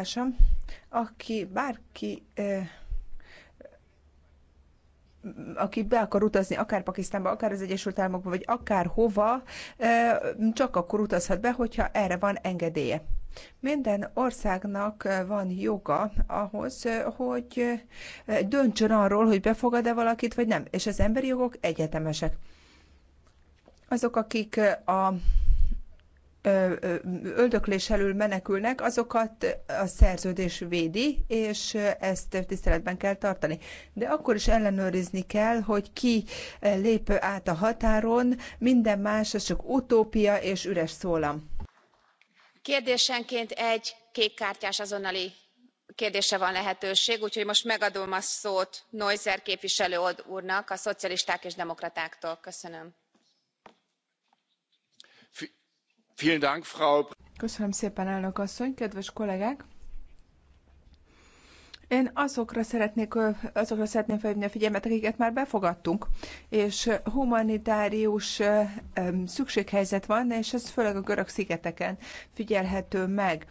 társam, aki bárki aki be akar utazni akár Pakisztánba, akár az Egyesült Államokba, vagy akár hova, csak akkor utazhat be, hogyha erre van engedélye. Minden országnak van joga ahhoz, hogy döntsön arról, hogy befogad-e valakit, vagy nem. És az emberi jogok egyetemesek. Azok, akik a öldöklés elől menekülnek, azokat a szerződés védi, és ezt tiszteletben kell tartani. De akkor is ellenőrizni kell, hogy ki lép át a határon, minden más, az csak utópia és üres szólam. Kérdésenként egy kékkártyás azonnali kérdése van lehetőség, úgyhogy most megadom a szót Neuser képviselő úrnak a szocialisták és demokratáktól. Köszönöm Köszönöm szépen, elnök asszony, kedves kollégák! Én azokra szeretnék, azokra szeretném felhívni a figyelmet, akiket már befogadtunk, és humanitárius szükséghelyzet van, és ez főleg a görög szigeteken figyelhető meg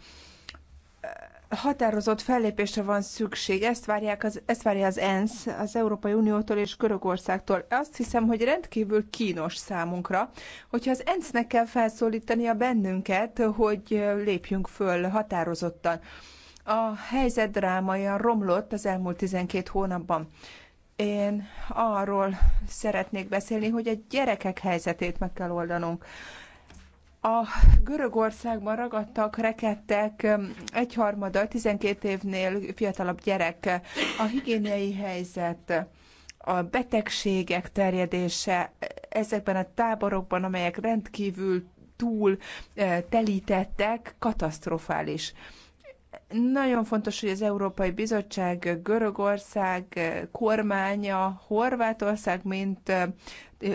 határozott fellépésre van szükség. Ezt, várják az, ezt várja az ENSZ, az Európai Uniótól és Görögországtól. Azt hiszem, hogy rendkívül kínos számunkra, hogyha az ENSZ-nek kell a bennünket, hogy lépjünk föl határozottan. A helyzet drámaian romlott az elmúlt 12 hónapban. Én arról szeretnék beszélni, hogy a gyerekek helyzetét meg kell oldanunk a Görögországban ragadtak, rekedtek um, egyharmada, 12 évnél fiatalabb gyerek, a higiéniai helyzet, a betegségek terjedése ezekben a táborokban, amelyek rendkívül túl eh, telítettek, katasztrofális. Nagyon fontos, hogy az Európai Bizottság, Görögország eh, kormánya, Horvátország, mint eh,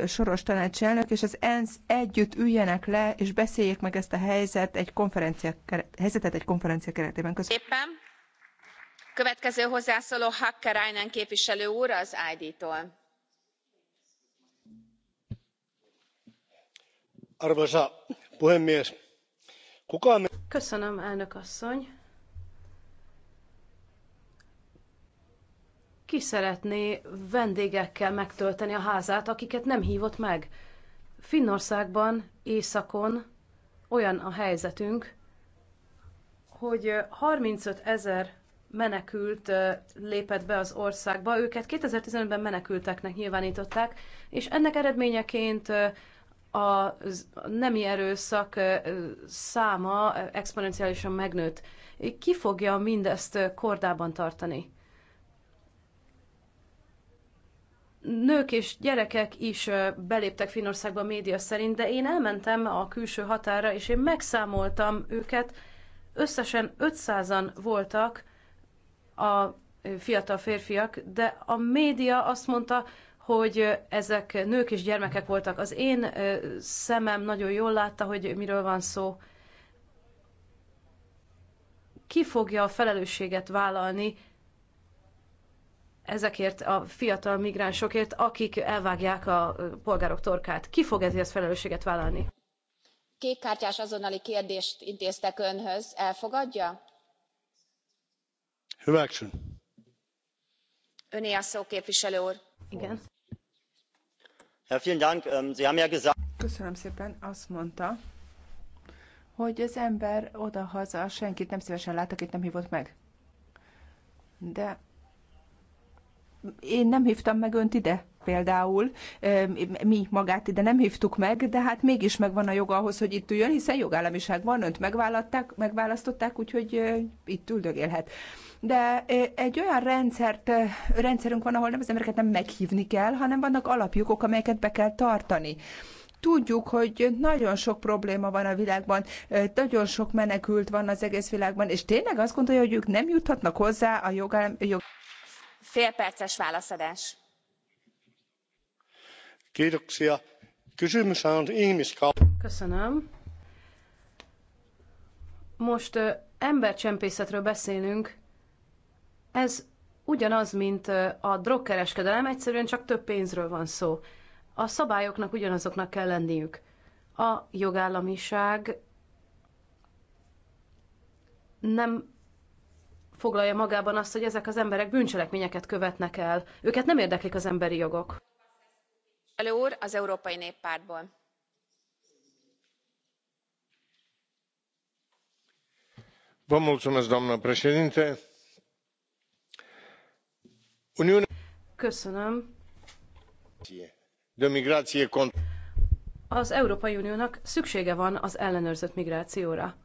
Soros tanácselnök és az ENSZ együtt üljenek le, és beszéljék meg ezt a helyzet egy konferencia, helyzetet egy konferencia keretében. Köszönöm. Éppen. Következő hozzászóló Hakkarainen képviselő úr az ID-tól. Arvoisa puhemies, kukaan... Köszönöm, elnök asszony. ki szeretné vendégekkel megtölteni a házát, akiket nem hívott meg. Finnországban, északon olyan a helyzetünk, hogy 35 ezer menekült lépett be az országba. Őket 2015-ben menekülteknek nyilvánították, és ennek eredményeként a nemi erőszak száma exponenciálisan megnőtt. Ki fogja mindezt kordában tartani? nők és gyerekek is beléptek Finországba a média szerint, de én elmentem a külső határa, és én megszámoltam őket. Összesen 500-an voltak a fiatal férfiak, de a média azt mondta, hogy ezek nők és gyermekek voltak. Az én szemem nagyon jól látta, hogy miről van szó. Ki fogja a felelősséget vállalni ezekért a fiatal migránsokért, akik elvágják a polgárok torkát. Ki fog ezért felelősséget vállalni? Kékkártyás azonnali kérdést intéztek önhöz. Elfogadja? Hüvegcsön. Öné a szó, képviselő úr. Igen. Ähm, Köszönöm szépen. Azt mondta, hogy az ember oda-haza senkit nem szívesen lát, akit nem hívott meg. De én nem hívtam meg önt ide például, mi magát ide nem hívtuk meg, de hát mégis megvan a joga ahhoz, hogy itt üljön, hiszen jogállamiság van, önt megválasztották, megválasztották úgyhogy itt üldögélhet. De egy olyan rendszert, rendszerünk van, ahol nem az embereket nem meghívni kell, hanem vannak alapjukok, amelyeket be kell tartani tudjuk, hogy nagyon sok probléma van a világban, nagyon sok menekült van az egész világban, és tényleg azt gondolja, hogy ők nem juthatnak hozzá a jogállamiság kysymyshän on ihmiskaupasta. most embercsempészetről beszélünk. Ez ugyanaz, mint a drogkereskedelem, egyszerűen csak több pénzről van szó. A szabályoknak ugyanazoknak kell lenniük. A jogállamiság nem foglalja magában azt, hogy ezek az emberek bűncselekményeket követnek el. Őket nem érdeklik az emberi jogok. Elő úr, az Európai Néppártból. doamnă președintă uniunea de migrație az európai uniónak szüksége van az ellenőrzött migrációra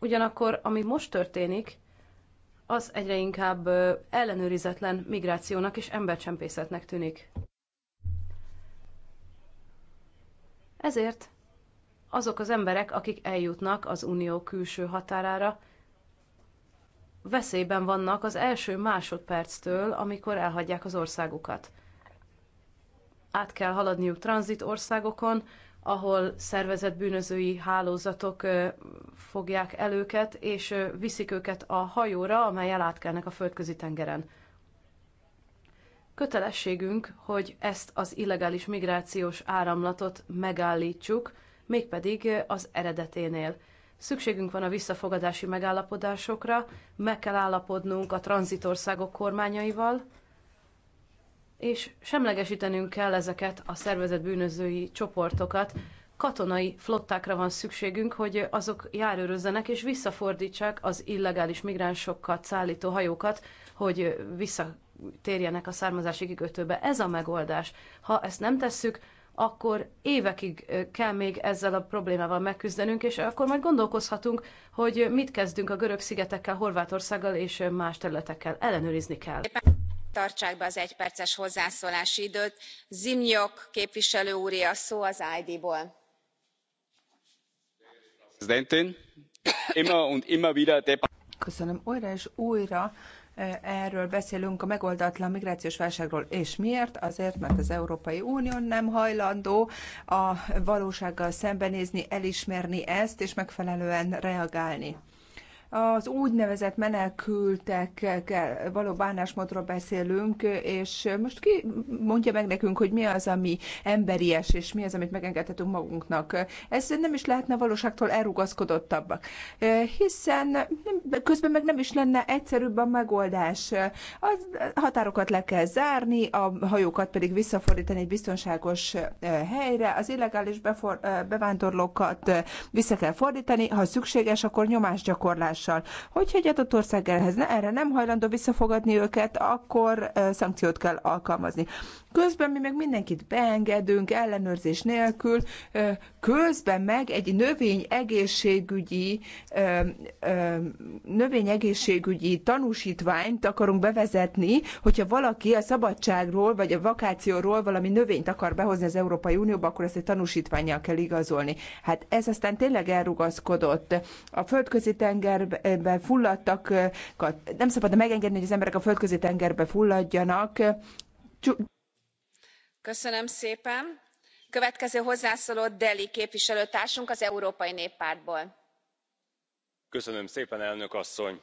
ugyanakkor ami most történik az egyre inkább ellenőrizetlen migrációnak és embercsempészetnek tűnik. Ezért azok az emberek, akik eljutnak az unió külső határára, veszélyben vannak az első másodperctől, amikor elhagyják az országukat. Át kell haladniuk tranzit országokon, ahol szervezett bűnözői hálózatok fogják el őket, és viszik őket a hajóra, amelyel átkelnek a földközi tengeren. Kötelességünk, hogy ezt az illegális migrációs áramlatot megállítsuk, mégpedig az eredeténél. Szükségünk van a visszafogadási megállapodásokra, meg kell állapodnunk a tranzitországok kormányaival, és semlegesítenünk kell ezeket a szervezet bűnözői csoportokat. Katonai flottákra van szükségünk, hogy azok járőrözzenek és visszafordítsák az illegális migránsokat szállító hajókat, hogy visszatérjenek a származási kikötőbe. Ez a megoldás. Ha ezt nem tesszük, akkor évekig kell még ezzel a problémával megküzdenünk, és akkor majd gondolkozhatunk, hogy mit kezdünk a görög szigetekkel, Horvátországgal és más területekkel. Ellenőrizni kell tartsák be az egyperces hozzászólási időt. zimnyok képviselő úré a szó az id ból. Köszönöm. Újra és újra e, erről beszélünk a megoldatlan migrációs válságról. És miért? Azért, mert az Európai Unió nem hajlandó a valósággal szembenézni, elismerni ezt, és megfelelően reagálni az úgynevezett menekültekkel való bánásmódról beszélünk, és most ki mondja meg nekünk, hogy mi az, ami emberies, és mi az, amit megengedhetünk magunknak. Ez nem is lehetne valóságtól elrugaszkodottabbak, hiszen közben meg nem is lenne egyszerűbb a megoldás. A határokat le kell zárni, a hajókat pedig visszafordítani egy biztonságos eh, helyre, az illegális eh, bevándorlókat eh, vissza kell fordítani, ha szükséges, akkor nyomásgyakorlás hatással. Hogyha egy adott ország erre nem hajlandó visszafogadni őket, akkor szankciót kell alkalmazni. Közben mi meg mindenkit beengedünk ellenőrzés nélkül, közben meg egy növény egészségügyi, növény egészségügyi tanúsítványt akarunk bevezetni, hogyha valaki a szabadságról vagy a vakációról valami növényt akar behozni az Európai Unióba, akkor ezt egy tanúsítványjal kell igazolni. Hát ez aztán tényleg elrugaszkodott. A földközi tengerben fulladtak, nem szabad megengedni, hogy az emberek a földközi tengerbe fulladjanak, elnök asszony!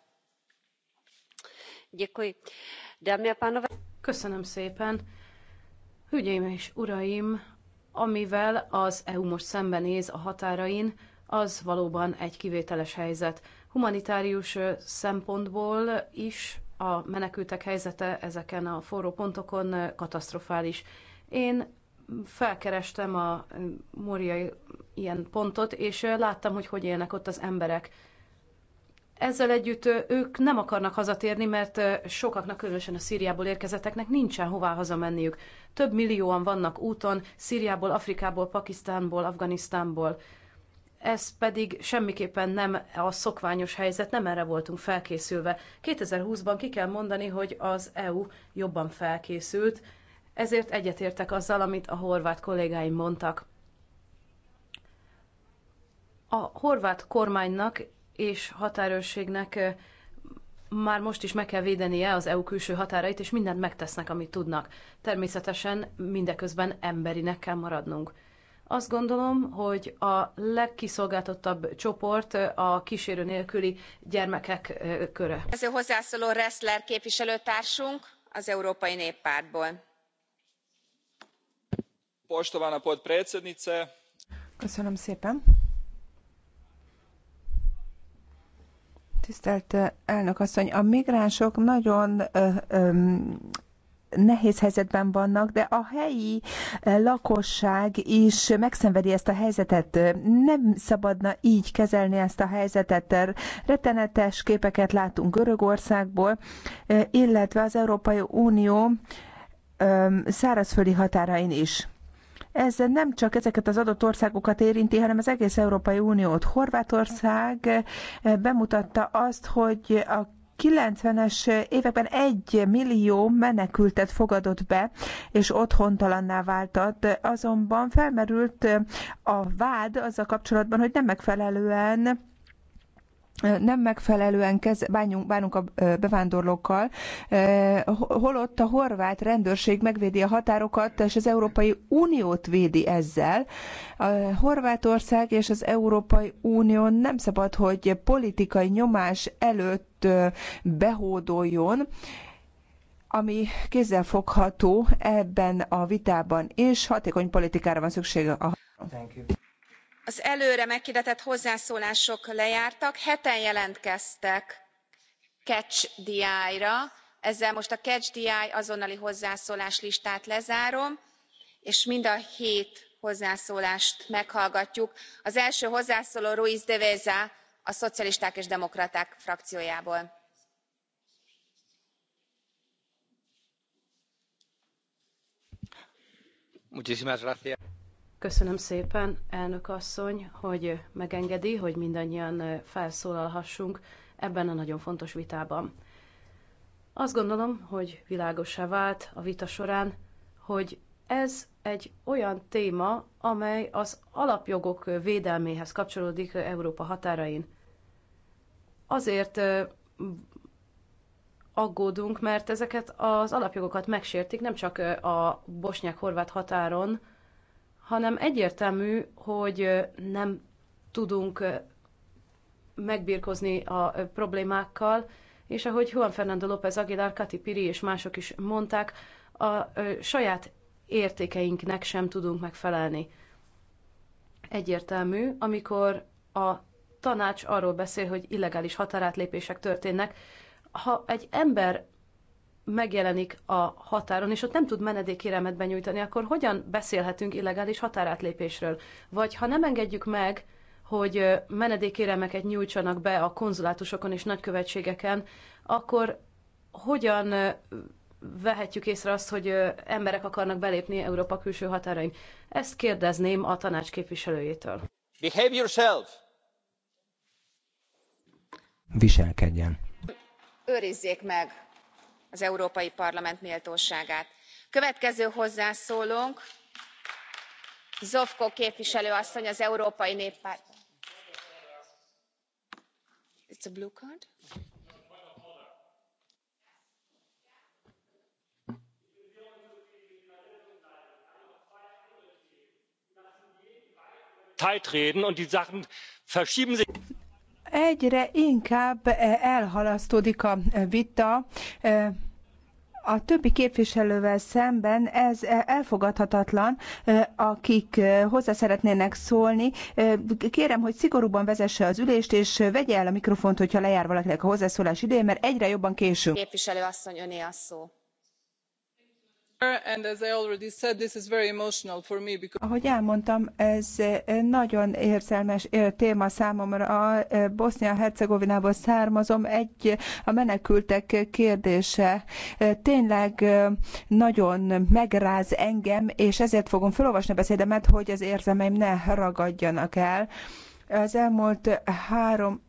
Köszönöm szépen. Hölgyeim és uraim, amivel az EU most szembenéz a határain, az valóban egy kivételes helyzet. Humanitárius szempontból is a menekültek helyzete ezeken a forró pontokon katasztrofális. Én felkerestem a Moriai ilyen pontot, és láttam, hogy hogy élnek ott az emberek ezzel együtt ők nem akarnak hazatérni, mert sokaknak, különösen a Szíriából érkezetteknek nincsen hová hazamenniük. Több millióan vannak úton, Szíriából, Afrikából, Pakisztánból, Afganisztánból. Ez pedig semmiképpen nem a szokványos helyzet, nem erre voltunk felkészülve. 2020-ban ki kell mondani, hogy az EU jobban felkészült, ezért egyetértek azzal, amit a horvát kollégáim mondtak. A horvát kormánynak és határőrségnek már most is meg kell védenie az EU külső határait, és mindent megtesznek, amit tudnak. Természetesen mindeközben emberinek kell maradnunk. Azt gondolom, hogy a legkiszolgáltatottabb csoport a kísérő nélküli gyermekek köre. Ez a hozzászóló Ressler képviselőtársunk az Európai Néppártból. Köszönöm szépen. Tisztelt elnök asszony, a migránsok nagyon ö, ö, nehéz helyzetben vannak, de a helyi lakosság is megszenvedi ezt a helyzetet. Nem szabadna így kezelni ezt a helyzetet. Rettenetes képeket látunk Görögországból, illetve az Európai Unió szárazföldi határain is. Ez nem csak ezeket az adott országokat érinti, hanem az egész Európai Uniót. Horvátország eh, bemutatta azt, hogy a 90-es években egy millió menekültet fogadott be, és otthontalanná váltat. Azonban felmerült eh, a vád azzal kapcsolatban, hogy nem megfelelően nem megfelelően kez, bánjunk, bánunk a bevándorlókkal, holott a horvát rendőrség megvédi a határokat, és az Európai Uniót védi ezzel. A Horvátország és az Európai Unió nem szabad, hogy politikai nyomás előtt behódoljon, ami kézzelfogható ebben a vitában, és hatékony politikára van szüksége. A az előre meghirdetett hozzászólások lejártak heten jelentkeztek catch the eye ra ezzel most a catch the eye azonnali hozzászólás listát lezárom és mind a hét hozzászólást meghallgatjuk. az első hozzászóló ruiz de veza a szocialisták és demokraták frakciójából. Köszönöm szépen, elnök asszony, hogy megengedi, hogy mindannyian felszólalhassunk ebben a nagyon fontos vitában. Azt gondolom, hogy világosá vált a vita során, hogy ez egy olyan téma, amely az alapjogok védelméhez kapcsolódik Európa határain. Azért aggódunk, mert ezeket az alapjogokat megsértik nem csak a bosnyák-horvát határon, hanem egyértelmű, hogy nem tudunk megbírkozni a problémákkal, és ahogy Juan Fernando López Aguilar, Kati Piri és mások is mondták, a saját értékeinknek sem tudunk megfelelni. Egyértelmű, amikor a tanács arról beszél, hogy illegális határátlépések történnek, ha egy ember megjelenik a határon, és ott nem tud menedékkéremet benyújtani, akkor hogyan beszélhetünk illegális határátlépésről? Vagy ha nem engedjük meg, hogy menedékkéremeket nyújtsanak be a konzulátusokon és nagykövetségeken, akkor hogyan vehetjük észre azt, hogy emberek akarnak belépni Európa külső határain? Ezt kérdezném a tanács képviselőjétől. Behave yourself! Viselkedjen! Őrizzék meg az európai parlament méltóságát. következő hozzászólónk zovko képviselő asszony az európai néppárt. zeit und die sachen verschieben sich. Egyre inkább eh, elhalasztódik a eh, vita, eh, a többi képviselővel szemben ez elfogadhatatlan, akik hozzá szeretnének szólni. Kérem, hogy szigorúban vezesse az ülést, és vegye el a mikrofont, hogyha lejár valakinek a hozzászólás ideje, mert egyre jobban késünk. Képviselő asszony, öné a szó ahogy elmondtam, ez eh, nagyon érzelmes eh, téma számomra. Eh, Bosznia-Hercegovinából származom, egy a menekültek kérdése tényleg nagyon megráz engem, és ezért fogom felolvasni a beszédemet, hogy az érzelmeim ne ragadjanak el. Az elmúlt három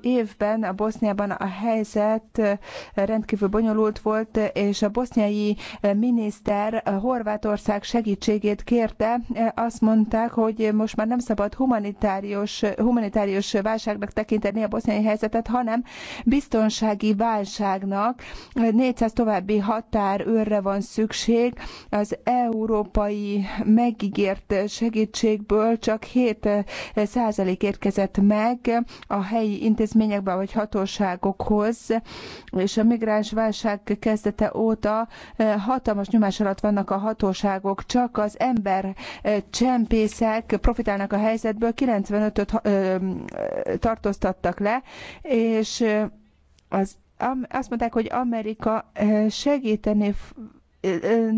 évben a Boszniában a helyzet rendkívül bonyolult volt, és a boszniai miniszter Horvátország segítségét kérte. Azt mondták, hogy most már nem szabad humanitárius, humanitárius válságnak tekinteni a boszniai helyzetet, hanem biztonsági válságnak. 400 további határőrre van szükség. Az európai megígért segítségből csak 7 százalék érkezett meg a helyi intézményekbe vagy hatóságokhoz, és a migráns válság kezdete óta eh, hatalmas nyomás alatt vannak a hatóságok, csak az ember eh, csempészek profitálnak a helyzetből, 95-öt eh, tartóztattak le, és az, azt mondták, hogy Amerika segíteni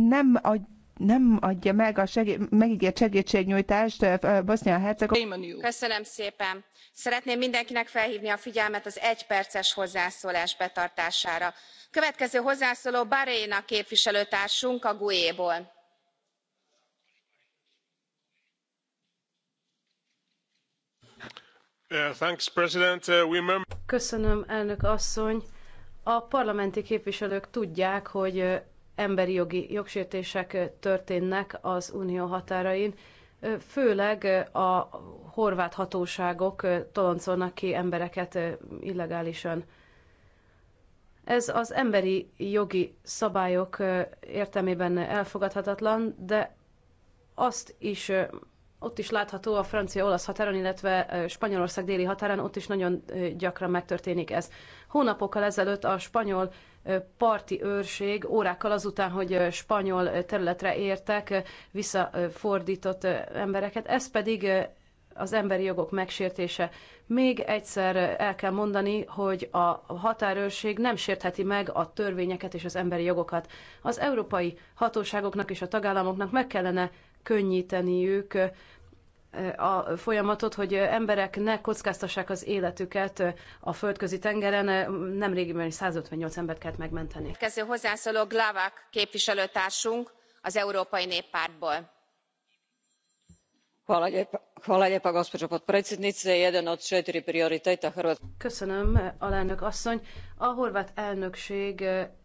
nem a nem adja meg a segí- megígért segítségnyújtást eh, bosznia hercegovinának köszönöm szépen! szeretném mindenkinek felhvni a figyelmet az egyperces hozzászólás betartására. következő hozzászóló bareina képviselőtársunk a gue ból. Uh, köszönöm, elnök asszony! A parlamenti képviselők tudják, hogy emberi jogi jogsértések történnek az unió határain, főleg a horvát hatóságok toloncolnak ki embereket illegálisan. Ez az emberi jogi szabályok értelmében elfogadhatatlan, de azt is ott is látható a francia-olasz határon, illetve Spanyolország déli határán, ott is nagyon gyakran megtörténik ez. Hónapokkal ezelőtt a spanyol parti őrség órákkal azután, hogy spanyol területre értek, visszafordított embereket. Ez pedig az emberi jogok megsértése. Még egyszer el kell mondani, hogy a határőrség nem sértheti meg a törvényeket és az emberi jogokat. Az európai hatóságoknak és a tagállamoknak meg kellene Könnyíteni ők a folyamatot, hogy emberek ne kockáztassák az életüket a földközi tengeren. Nemrégiben is 158 embert kellett megmenteni. Kezdő hozzászóló glavak képviselőtársunk az Európai Néppártból. Köszönöm, alelnök asszony. A horvát elnökség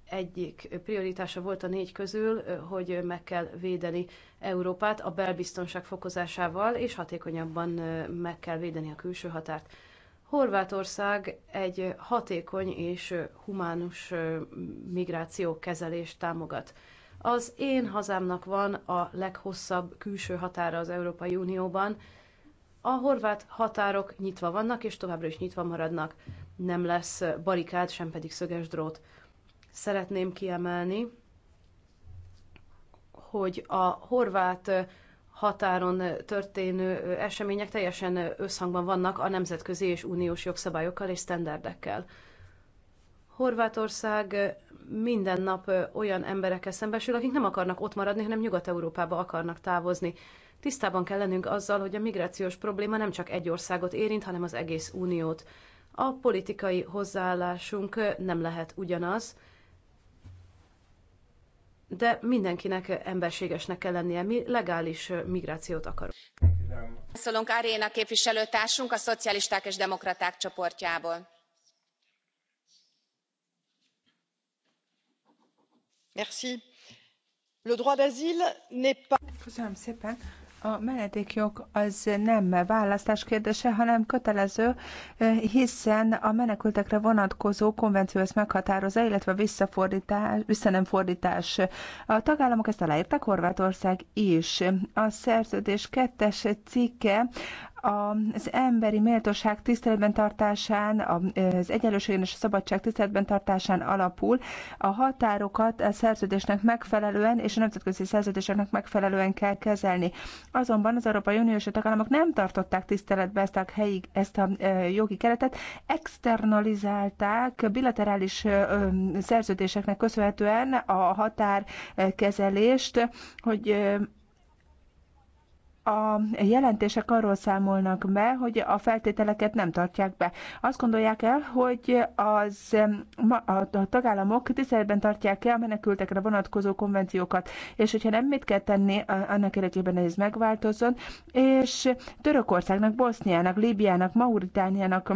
egyik prioritása volt a négy közül, hogy meg kell védeni Európát a belbiztonság fokozásával, és hatékonyabban meg kell védeni a külső határt. Horvátország egy hatékony és humánus migráció kezelést támogat. Az én hazámnak van a leghosszabb külső határa az Európai Unióban. A horvát határok nyitva vannak, és továbbra is nyitva maradnak. Nem lesz barikád, sem pedig szöges drót szeretném kiemelni, hogy a horvát határon történő események teljesen összhangban vannak a nemzetközi és uniós jogszabályokkal és sztenderdekkel. Horvátország minden nap olyan emberekkel szembesül, akik nem akarnak ott maradni, hanem Nyugat-Európába akarnak távozni. Tisztában kell lennünk azzal, hogy a migrációs probléma nem csak egy országot érint, hanem az egész uniót. A politikai hozzáállásunk nem lehet ugyanaz, de mindenkinek emberségesnek kell lennie. Mi legális migrációt akarunk. Szólunk Aréna képviselőtársunk a Szocialisták és Demokraták csoportjából. Merci. Le droit d'asile n'est pas... Köszönöm szépen a menedékjog az nem választás kérdése, hanem kötelező, hiszen a menekültekre vonatkozó konvenció ezt meghatározza, illetve visszafordítás, fordítás. A tagállamok ezt aláírták, Horvátország is. A szerződés kettes cikke az emberi méltóság tiszteletben tartásán, az egyenlőség és a szabadság tiszteletben tartásán alapul. A határokat a szerződésnek megfelelően és a nemzetközi szerződéseknek megfelelően kell kezelni. Azonban az Európai a tagállamok nem tartották tiszteletbe ezt a, helyi, ezt a jogi keretet, externalizálták bilaterális szerződéseknek köszönhetően a határkezelést, hogy a jelentések arról számolnak be, hogy a feltételeket nem tartják be. Azt gondolják el, hogy az, a tagállamok tiszteletben tartják el a menekültekre vonatkozó konvenciókat, és hogyha nem, mit kell tenni annak érdekében, hogy ez megváltozzon, és Törökországnak, Boszniának, Líbiának, Mauritániának,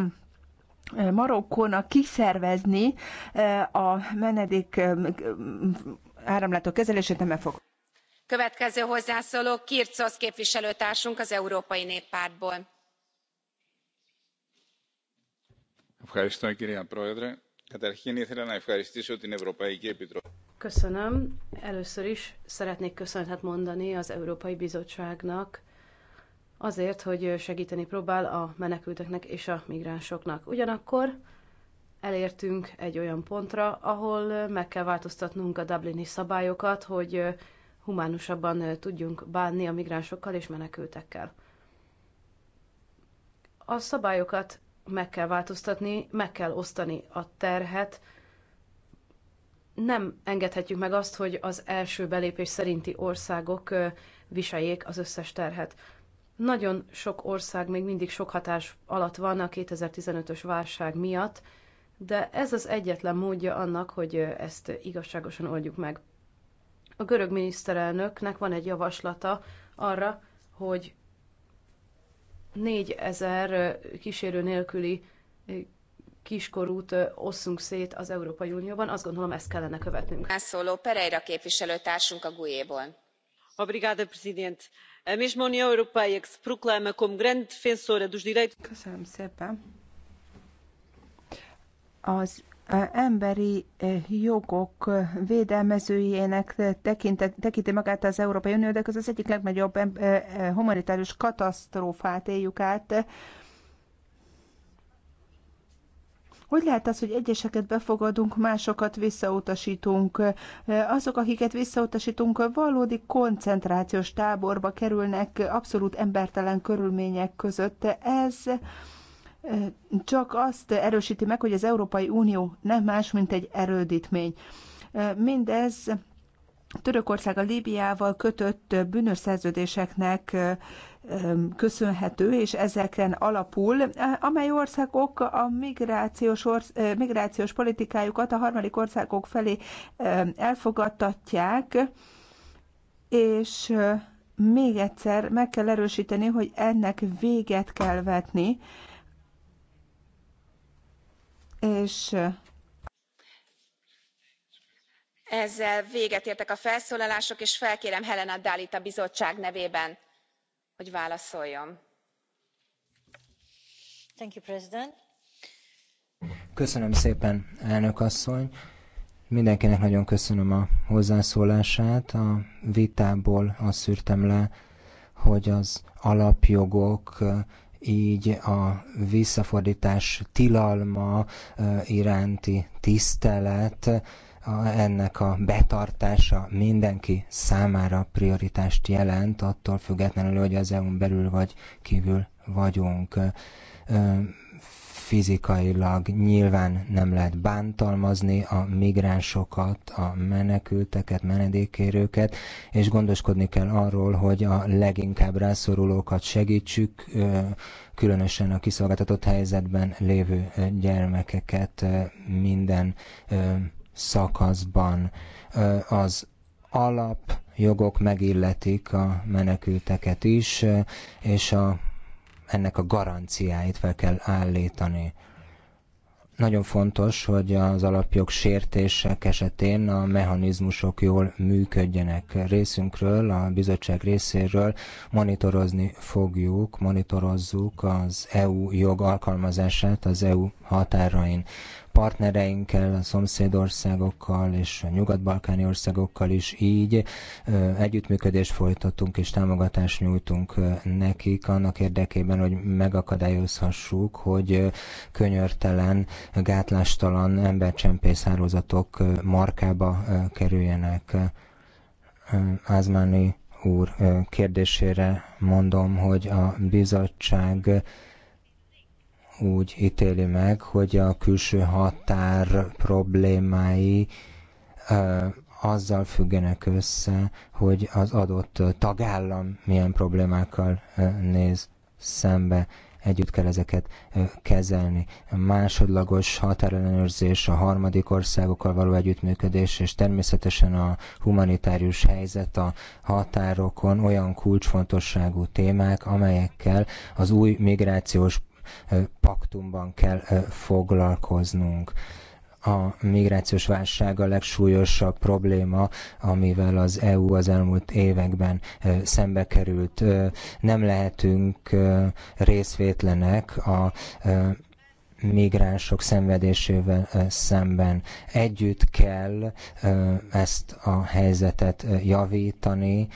Marokkónak kiszervezni eh, a menedék eh, áramlátok kezelését nem fog képviselőtársunk az európai Köszönöm. Először is szeretnék köszönetet mondani az Európai Bizottságnak azért, hogy segíteni próbál a menekülteknek és a migránsoknak. Ugyanakkor elértünk egy olyan pontra, ahol meg kell változtatnunk a Dublini szabályokat, hogy humánusabban tudjunk bánni a migránsokkal és menekültekkel. A szabályokat meg kell változtatni, meg kell osztani a terhet. Nem engedhetjük meg azt, hogy az első belépés szerinti országok viseljék az összes terhet. Nagyon sok ország még mindig sok hatás alatt van a 2015-ös válság miatt, de ez az egyetlen módja annak, hogy ezt igazságosan oldjuk meg. A görög miniszterelnöknek van egy javaslata arra, hogy 4000 kísérő nélküli kiskorút osszunk szét az Európai Unióban. Azt gondolom, ezt kellene követnünk. Szóló Pereira képviselőtársunk a GUE-ból. Obrigada, presidente. A mesma União Europeia que se proclama como grande defensora dos direitos... Köszönöm szépen. Az emberi eh, jogok védelmezőjének tekinti magát az Európai Unió, de ez az egyik legnagyobb eh, eh, humanitárius katasztrófát éljük át. Hogy lehet az, hogy egyeseket befogadunk, másokat visszautasítunk? Azok, akiket visszautasítunk, valódi koncentrációs táborba kerülnek abszolút embertelen körülmények között. Ez csak azt erősíti meg, hogy az Európai Unió nem más, mint egy erődítmény. Mindez Törökország a Líbiával kötött bűnös szerződéseknek köszönhető, és ezeken alapul, amely országok a migrációs, orsz, migrációs politikájukat a harmadik országok felé elfogadtatják, és még egyszer meg kell erősíteni, hogy ennek véget kell vetni, és ezzel véget értek a felszólalások és felkérem helena dalit a bizottság nevében hogy válaszoljon. köszönöm szépen elnök asszony mindenkinek nagyon köszönöm a hozzászólását a vitából azt szűrtem le hogy az alapjogok így a visszafordítás tilalma iránti tisztelet, ennek a betartása mindenki számára prioritást jelent, attól függetlenül, hogy az EU-n belül vagy kívül vagyunk fizikailag nyilván nem lehet bántalmazni a migránsokat, a menekülteket, menedékkérőket, és gondoskodni kell arról, hogy a leginkább rászorulókat segítsük, különösen a kiszolgáltatott helyzetben lévő gyermekeket minden szakaszban. Az alapjogok megilletik a menekülteket is, és a ennek a garanciáit fel kell állítani. Nagyon fontos, hogy az alapjog sértések esetén a mechanizmusok jól működjenek részünkről, a bizottság részéről. Monitorozni fogjuk, monitorozzuk az EU jog alkalmazását az EU határain partnereinkkel, a szomszédországokkal és a nyugat-balkáni országokkal is így együttműködést folytatunk és támogatást nyújtunk nekik annak érdekében, hogy megakadályozhassuk, hogy könyörtelen, gátlástalan embercsempész hálózatok markába kerüljenek. Ázmáni úr kérdésére mondom, hogy a bizottság úgy ítéli meg, hogy a külső határ problémái azzal függenek össze, hogy az adott tagállam milyen problémákkal néz szembe. Együtt kell ezeket kezelni. A másodlagos határellenőrzés, a harmadik országokkal való együttműködés, és természetesen a humanitárius helyzet a határokon olyan kulcsfontosságú témák, amelyekkel az új migrációs paktumban kell foglalkoznunk. A migrációs válság a legsúlyosabb probléma, amivel az EU az elmúlt években szembe került. Nem lehetünk részvétlenek a migránsok szenvedésével szemben. Együtt kell ezt a helyzetet javítani,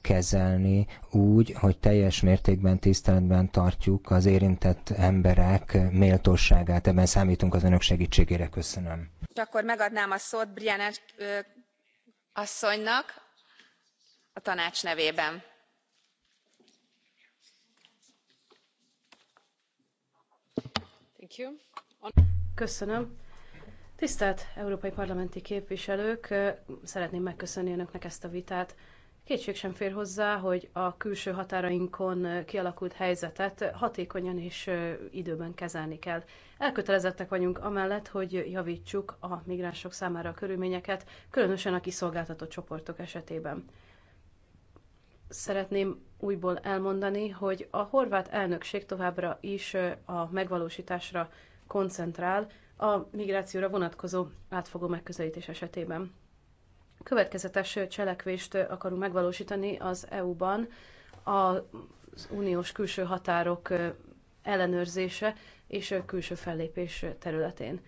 kezelni úgy, hogy teljes mértékben tiszteletben tartjuk az érintett emberek méltóságát. Ebben számítunk az önök segítségére. Köszönöm. És akkor megadnám a szót Brianna asszonynak a tanács nevében. Köszönöm. Tisztelt európai parlamenti képviselők, szeretném megköszönni önöknek ezt a vitát. Kétség sem fér hozzá, hogy a külső határainkon kialakult helyzetet hatékonyan és időben kezelni kell. Elkötelezettek vagyunk amellett, hogy javítsuk a migránsok számára a körülményeket, különösen a kiszolgáltatott csoportok esetében szeretném újból elmondani, hogy a horvát elnökség továbbra is a megvalósításra koncentrál a migrációra vonatkozó átfogó megközelítés esetében. Következetes cselekvést akarunk megvalósítani az EU-ban az uniós külső határok ellenőrzése és külső fellépés területén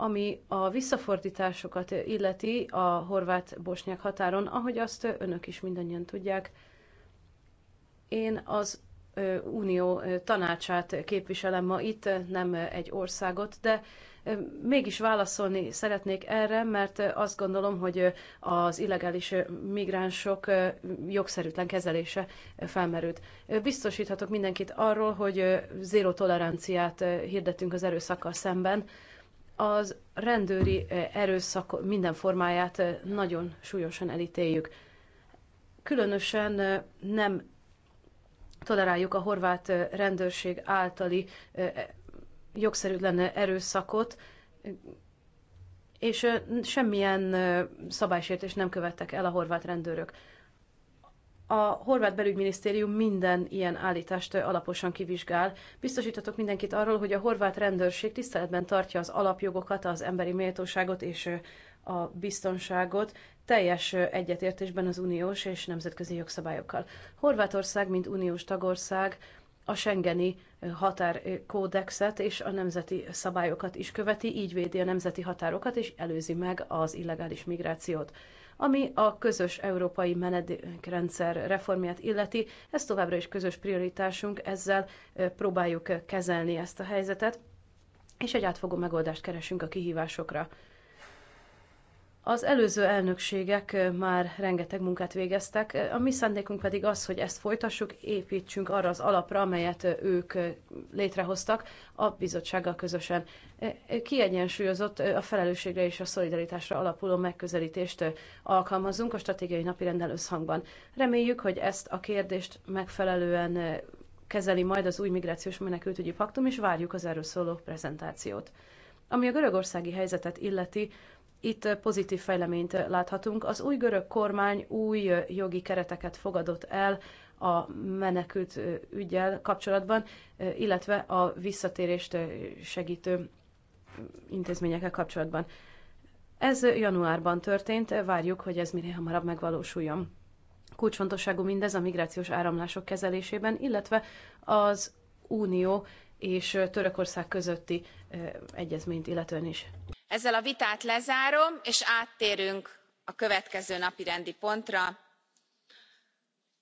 ami a visszafordításokat illeti a horvát-bosnyák határon, ahogy azt önök is mindannyian tudják. Én az Unió tanácsát képviselem ma itt, nem egy országot, de mégis válaszolni szeretnék erre, mert azt gondolom, hogy az illegális migránsok jogszerűtlen kezelése felmerült. Biztosíthatok mindenkit arról, hogy zéró toleranciát hirdetünk az erőszakkal szemben, az rendőri erőszak minden formáját nagyon súlyosan elítéljük. Különösen nem toleráljuk a horvát rendőrség általi e, jogszerűtlen erőszakot, és semmilyen szabálysértést nem követtek el a horvát rendőrök. A horvát belügyminisztérium minden ilyen állítást alaposan kivizsgál. Biztosítatok mindenkit arról, hogy a horvát rendőrség tiszteletben tartja az alapjogokat, az emberi méltóságot és a biztonságot teljes egyetértésben az uniós és nemzetközi jogszabályokkal. Horvátország, mint uniós tagország, a Schengeni határkódexet és a nemzeti szabályokat is követi, így védi a nemzeti határokat és előzi meg az illegális migrációt. Ami a közös európai menedékrendszer reformját illeti, ez továbbra is közös prioritásunk, ezzel próbáljuk kezelni ezt a helyzetet, és egy átfogó megoldást keresünk a kihívásokra. Az előző elnökségek már rengeteg munkát végeztek, a mi szándékunk pedig az, hogy ezt folytassuk, építsünk arra az alapra, amelyet ők létrehoztak a bizottsággal közösen. Kiegyensúlyozott a felelősségre és a szolidaritásra alapuló megközelítést alkalmazunk a stratégiai napirenden összhangban. Reméljük, hogy ezt a kérdést megfelelően kezeli majd az új migrációs menekültügyi paktum, és várjuk az erről szóló prezentációt. Ami a görögországi helyzetet illeti, itt eh, pozitív fejleményt eh, láthatunk. Az új görög kormány új eh, jogi kereteket fogadott el a menekült ügyel kapcsolatban, illetve a visszatérést segítő mm, intézményekkel kapcsolatban. Ez januárban történt, várjuk, hogy ez minél hamarabb megvalósuljon. Kulcsfontosságú mindez a migrációs áramlások kezelésében, illetve az Unió és Törökország közötti egyezményt illetően is ezzel a vitát lezárom és áttérünk a következő napirendi pontra.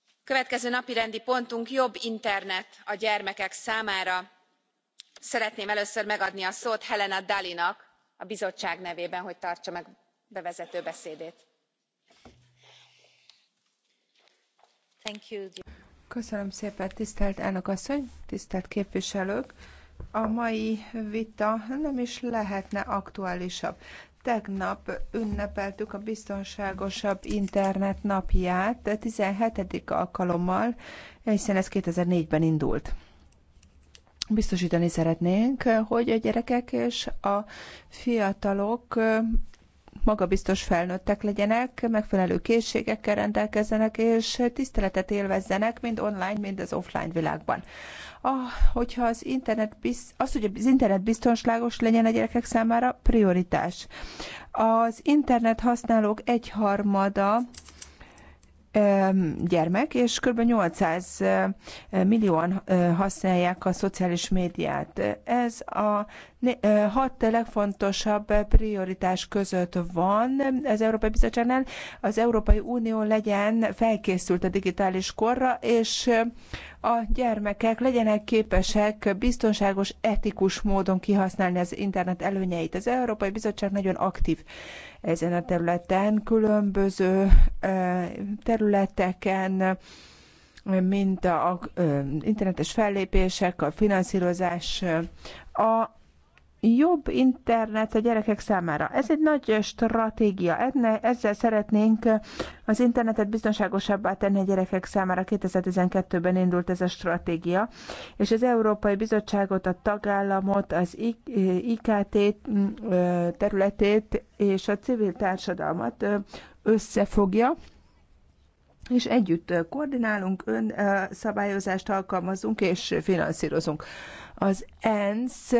a következő napirendi pontunk jobb internet a gyermekek számára. szeretném először megadni a szót helena dallinak a bizottság nevében hogy tartsa meg bevezető beszédét. köszönöm tisztelt elnök asszony tisztelt képviselők! a mai vita nem is lehetne aktuálisabb. Tegnap ünnepeltük a biztonságosabb internet napját 17. alkalommal, hiszen ez 2004-ben indult. Biztosítani szeretnénk, hogy a gyerekek és a fiatalok magabiztos felnőttek legyenek, megfelelő készségekkel rendelkezzenek, és tiszteletet élvezzenek, mind online, mind az offline világban. Ah, hogyha az internet biz, az, hogy az internet biztonságos legyen a gyerekek számára, prioritás. Az internet használók egyharmada gyermek, és kb. 800 millióan használják a szociális médiát. Ez a hat legfontosabb prioritás között van az Európai Bizottságnál. Az Európai Unió legyen felkészült a digitális korra, és a gyermekek legyenek képesek biztonságos, etikus módon kihasználni az internet előnyeit. Az Európai Bizottság nagyon aktív ezen a területen, különböző területeken, mint a internetes fellépések, a finanszírozás. A jobb internet a gyerekek számára. Ez egy nagy stratégia. ezzel szeretnénk az internetet biztonságosabbá tenni a gyerekek számára. 2012-ben indult ez a stratégia, és az Európai Bizottságot, a tagállamot, az IKT mm, területét és a civil társadalmat összefogja és együtt koordinálunk, ön szabályozást alkalmazunk és finanszírozunk. Az ENSZ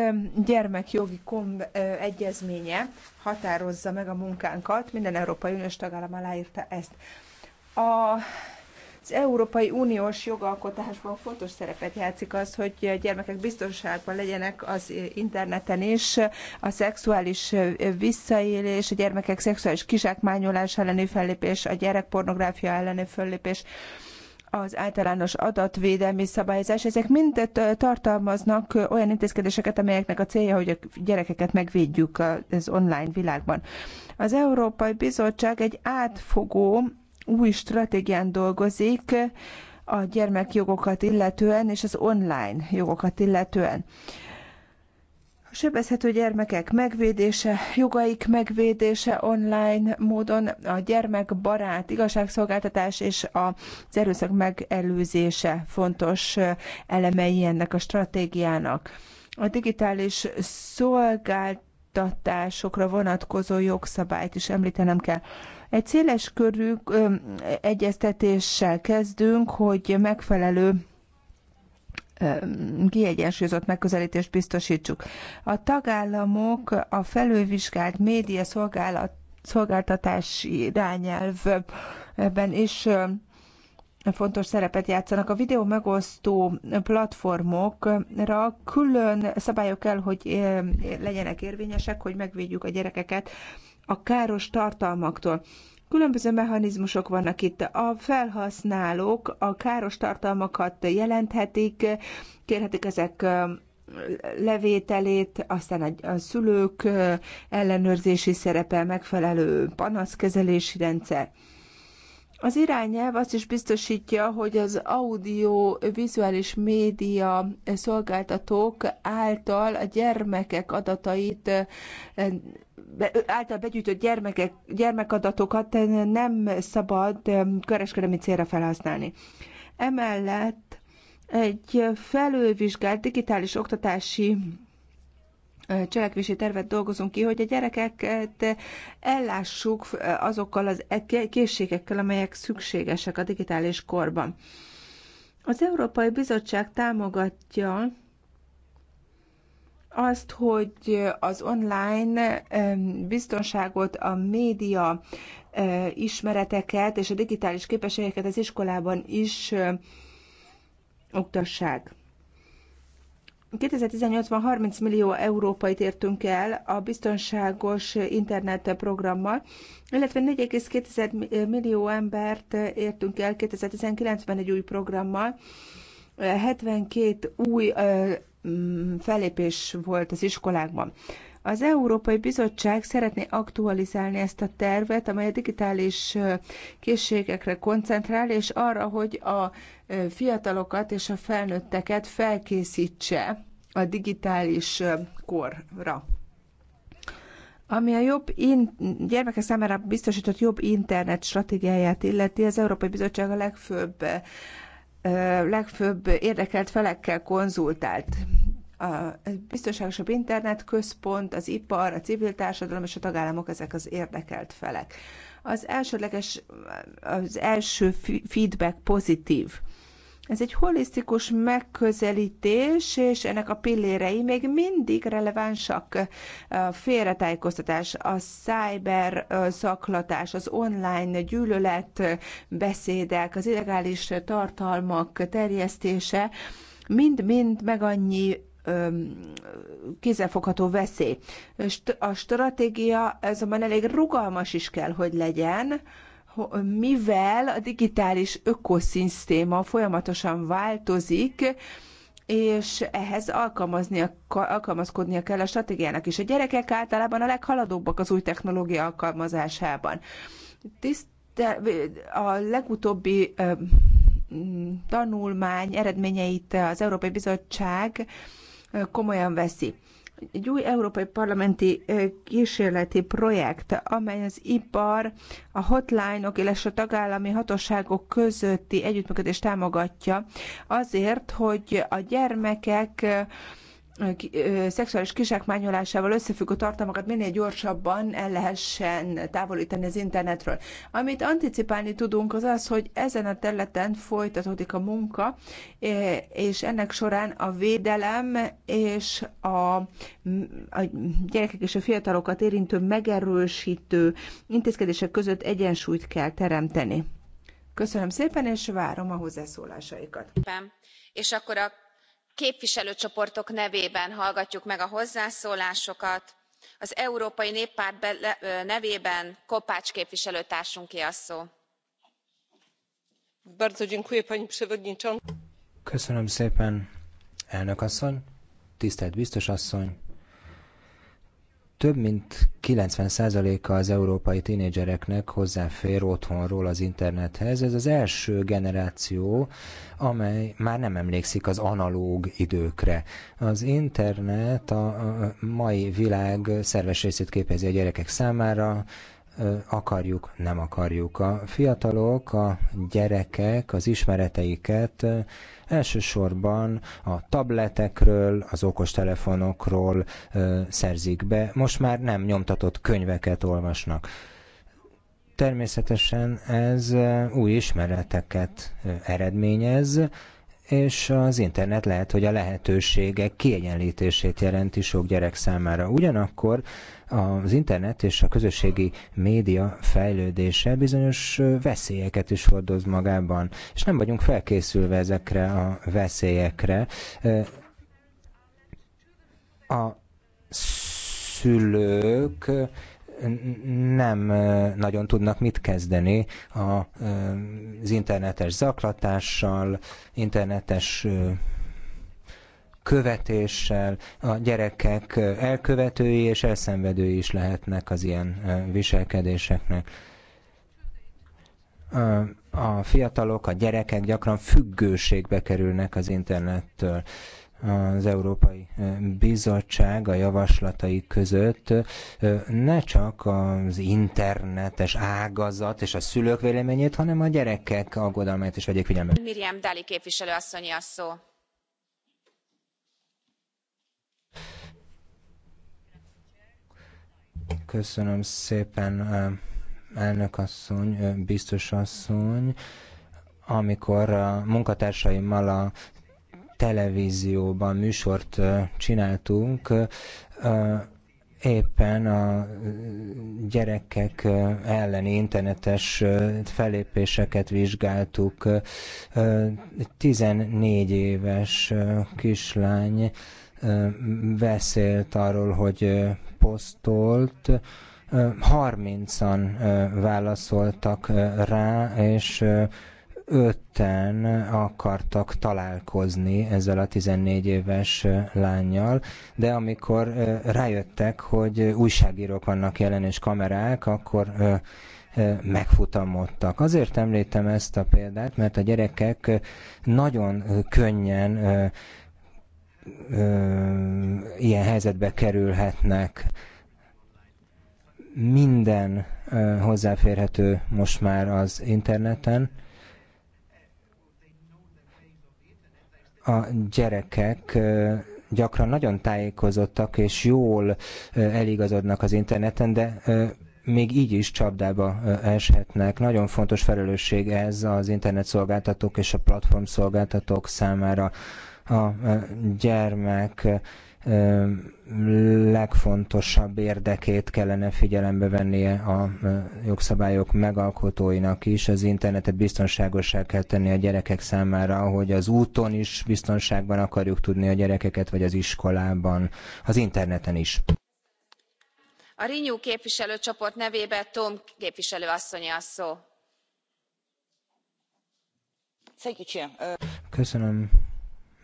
gyermekjogi kom- egyezménye határozza meg a munkánkat, minden Európai Uniós tagállam aláírta ezt. A az Európai Uniós jogalkotásban fontos szerepet játszik az, hogy gyermekek biztonságban legyenek az interneten is, a szexuális visszaélés, a gyermekek szexuális kizsákmányolás elleni fellépés, a gyerekpornográfia elleni fellépés, az általános adatvédelmi szabályozás, ezek mind tartalmaznak olyan intézkedéseket, amelyeknek a célja, hogy a gyerekeket megvédjük az online világban. Az Európai Bizottság egy átfogó új stratégián dolgozik a gyermekjogokat illetően és az online jogokat illetően. A sebezhető gyermekek megvédése, jogaik megvédése online módon, a gyermekbarát igazságszolgáltatás és az erőszak megelőzése fontos elemei ennek a stratégiának. A digitális szolgáltatásokra vonatkozó jogszabályt is említenem kell. Egy széles körű egyeztetéssel kezdünk, hogy megfelelő kiegyensúlyozott megközelítést biztosítsuk. A tagállamok a felővizsgált média szolgálat, szolgáltatási irányelvben is fontos szerepet játszanak. A videó megosztó platformokra külön szabályok kell, hogy legyenek érvényesek, hogy megvédjük a gyerekeket a káros tartalmaktól. Különböző mechanizmusok vannak itt. A felhasználók a káros tartalmakat jelenthetik, kérhetik ezek levételét, aztán a szülők ellenőrzési szerepe, megfelelő panaszkezelési rendszer. Az irányelv azt is biztosítja, hogy az audio-vizuális média szolgáltatók által a gyermekek adatait eh, által begyűjtött gyermekek, gyermekadatokat nem szabad eh, kereskedelmi célra felhasználni. Emellett egy felülvizsgált digitális oktatási cselekvési tervet dolgozunk ki, hogy a gyerekeket ellássuk azokkal az e- készségekkel, amelyek szükségesek a digitális korban. Az Európai Bizottság támogatja azt, hogy az online biztonságot, a média ismereteket és a digitális képességeket az iskolában is oktassák. 2018-ban 30 millió európait értünk el a biztonságos internet programmal, illetve 4,2 millió embert értünk el 2019-ben egy új programmal. 72 új felépés volt az iskolákban. Az Európai Bizottság szeretné aktualizálni ezt a tervet, amely a digitális készségekre koncentrál, és arra, hogy a fiatalokat és a felnőtteket felkészítse a digitális korra ami a jobb in- gyermekek számára biztosított jobb internet stratégiáját illeti, az Európai Bizottság a legfőbb legfőbb érdekelt felekkel konzultált a biztonságosabb internet központ, az ipar, a civil társadalom és a tagállamok ezek az érdekelt felek. Az elsődleges, az első feedback pozitív. Ez egy holisztikus megközelítés, és ennek a pillérei még mindig relevánsak. A félretájékoztatás, a cyber szaklatás, az online gyűlölet beszédek, az illegális tartalmak terjesztése, mind-mind meg annyi kézzelfogható veszély. A stratégia azonban elég rugalmas is kell, hogy legyen, mivel a digitális ökoszisztéma folyamatosan változik, és ehhez alkalmaznia, alkalmazkodnia kell a stratégiának is. A gyerekek általában a leghaladóbbak az új technológia alkalmazásában. a legutóbbi tanulmány eredményeit az Európai Bizottság komolyan veszi. Egy új európai parlamenti kísérleti projekt, amely az ipar, a hotline-ok, -ok, illetve a tagállami hatóságok közötti együttműködést támogatja azért, hogy a gyermekek szexuális kizsákmányolásával összefüggő tartalmakat minél gyorsabban el lehessen távolítani az internetről. Amit anticipálni tudunk az az, hogy ezen a területen folytatódik a munka, és ennek során a védelem és a, a gyerekek és a fiatalokat érintő megerősítő intézkedések között egyensúlyt kell teremteni. Köszönöm szépen, és várom a hozzászólásaikat. És akkor a képviselőcsoportok nevében hallgatjuk meg a hozzászólásokat az európai néppárt nevében kopács képviselőtársunké a szó. köszönöm szépen elnök asszony tisztelt biztos asszony! Több mint 90%-a az európai tinédzsereknek hozzáfér otthonról az internethez. Ez az első generáció, amely már nem emlékszik az analóg időkre. Az internet a mai világ szerves részét képezi a gyerekek számára, akarjuk, nem akarjuk. A fiatalok, a gyerekek az ismereteiket elsősorban a tabletekről, az okostelefonokról szerzik be. Most már nem nyomtatott könyveket olvasnak. Természetesen ez új ismereteket eredményez, és az internet lehet, hogy a lehetőségek kiegyenlítését jelenti sok gyerek számára. Ugyanakkor az internet és a közösségi média fejlődése bizonyos veszélyeket is hordoz magában, és nem vagyunk felkészülve ezekre a veszélyekre. A szülők nem nagyon tudnak mit kezdeni az internetes zaklatással, internetes követéssel, a gyerekek elkövetői és elszenvedői is lehetnek az ilyen viselkedéseknek a fiatalok, a gyerekek gyakran függőségbe kerülnek az internettől. Az Európai Bizottság a javaslatai között ne csak az internetes ágazat és a szülők véleményét, hanem a gyerekek aggodalmát is vegyék figyelembe. Miriam Dali képviselő asszonyi a szó Köszönöm szépen, eh, elnök asszony, eh, biztos asszony. Amikor a munkatársaimmal a televízióban műsort eh, csináltunk, éppen a gyerekek elleni internetes felépéseket vizsgáltuk. 14 éves kislány beszélt arról, hogy posztolt, 30-an válaszoltak rá, és ötten akartak találkozni ezzel a 14 éves lányjal, de amikor rájöttek, hogy újságírók vannak jelen és kamerák, akkor megfutamodtak. Azért említem ezt a példát, mert a gyerekek nagyon könnyen ilyen helyzetbe kerülhetnek. Minden hozzáférhető most már az interneten. A gyerekek gyakran nagyon tájékozottak és jól eligazodnak az interneten, de még így is csapdába eshetnek. Nagyon fontos felelősség ez az internetszolgáltatók és a platformszolgáltatók számára a gyermek legfontosabb érdekét kellene figyelembe vennie a jogszabályok megalkotóinak is. Az internetet biztonságosá kell tenni a gyerekek számára, hogy az úton is biztonságban akarjuk tudni a gyerekeket, vagy az iskolában, az interneten is. A Renew képviselőcsoport nevében Tom képviselő asszony a szó. Köszönöm,